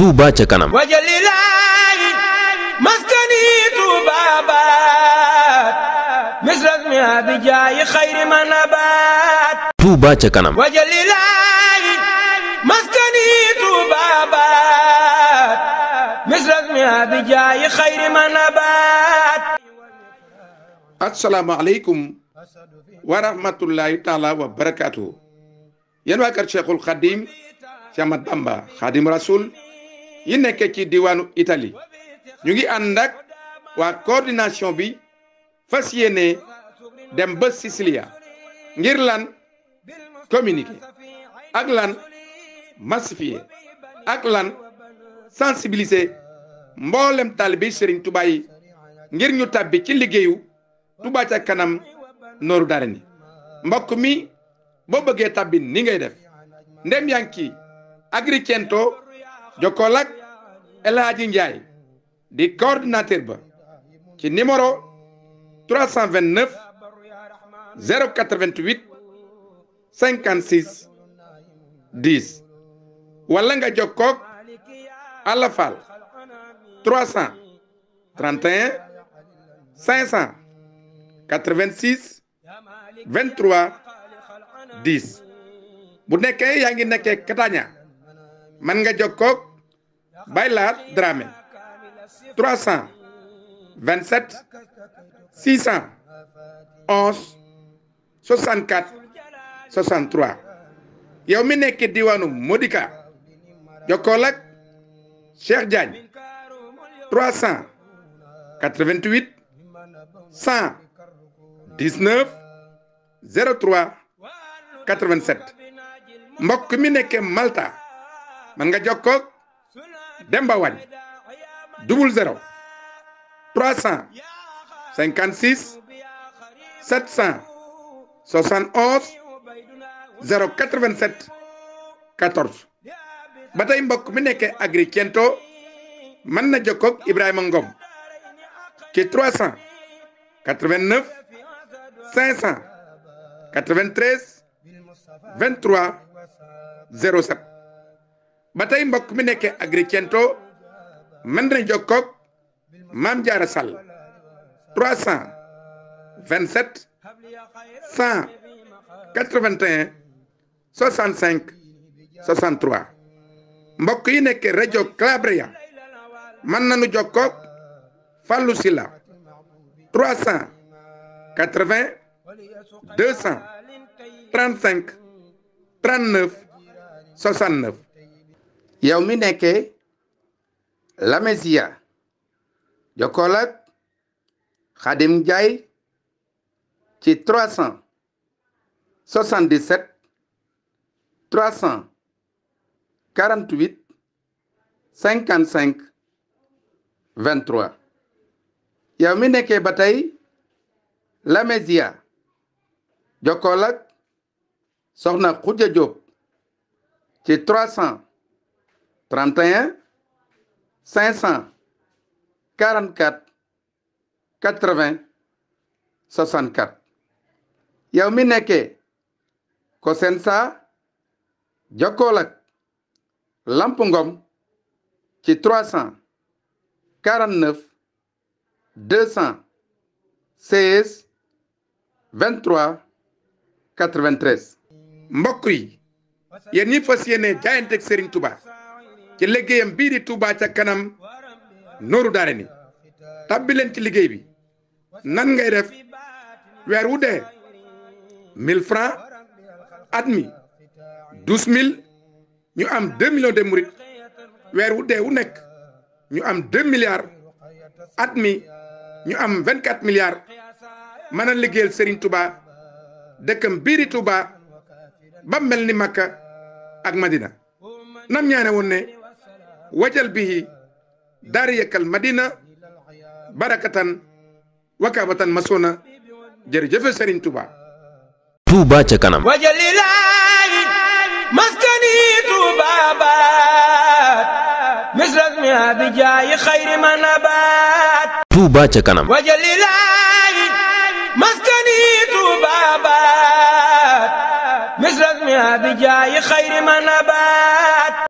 Touba ca kanam wajalilaay maskani Touba baat misras mi abijaayi xayri manabaat kanam wajalilaay maskani Touba baat misras mi abijaayi xayri manabaat assalaamu aleykum wa taala wa barakaatu yéen waa kër Cheikhul Khadim Cheikh Ahmad yi nekk ci diwaanu itali ñu ngi ànd waa coordination bi fas yéene dem ba Sicilia ngir lan communiquer ak lan massifier ak lan sensibiliser mboolem taalibe Serigne Touba yi ngir ñu tàbbi ci liggéeyu Touba ca kanam nooru dara ni mbokk mi boo bëggee tàbbi ni ngay def ndem yaa ngi jokkool ak El Ndiaye di coordinateur ba ci numéro 329 088 56 10 wala nga jokkoog Alla Fall 300 31 500 86 23 10 bu nekkee yaa ngi nekkee Kataña man nga jokkoog Baylar Dramé 300 27 600 11 64 63 yow mi nekk diwaanu Modika jokkool ak Cheikh Diagne 300 88 100 19 03 87 mbokk mi nekke Malta man nga jokkoo Demba Wagne double zéro trois cent cinquante six sept cent soixante onze zéro quatre vingt sept quatorze ba mbokk mi nekkee Agri Kento mën na jokkoo Ibrahima Ngom ci trois cent quatre vingt neuf cinq cent quatre vingt treize vingt trois zéro sept ba tey mbokk mi nekkee Agrigento mën na jokkoog Maam Jaara Sall 300 27 100 81 65 63 mbokk yi nekkee rajo Calabria mën nañu jokkoog Fallou Silla 300 80 200 35 39 69 yow mi lamesia nekkee Lameziya jokkool ak Xadim Njaay ci 377 348 55 23 yow mi nekke ba tey lamesia jokkool ak Soxna Xuja Jóob ci 300 31 500 44 80 64 yow mi nekkee Cosenza jokkool ak Lamp Ngom ci 300 49 200 16 23 93. mbokk yi yéen ñi fas yéene jaayanteeg Serigne Touba. ci liggéeyam bii di Touba ca kanam nooru daare ni tàbbi leen ci liggéey bi nan ngay def weer wu dee mille francs at mi douze mille ñu am deux millions de murit weer wu dee wu nekk ñu am deux milliards at mi ñu am vingt quatre milliards mën a liggéeyal Serigne Touba dëkkam biiri Touba ba mel ni Makka ak Madina nam ñaane woon ne wajal bihi daariyakal madina barakatan wakaabatan masona jërëjëf Serigne Touba. Touba ca kanam. wajalilaayi maskani Touba baat misras mi abijaayi xayri man abaat. Touba ca kanam. wajalilaayi maskani Touba baat misras mi abijaayi xayri man abaat.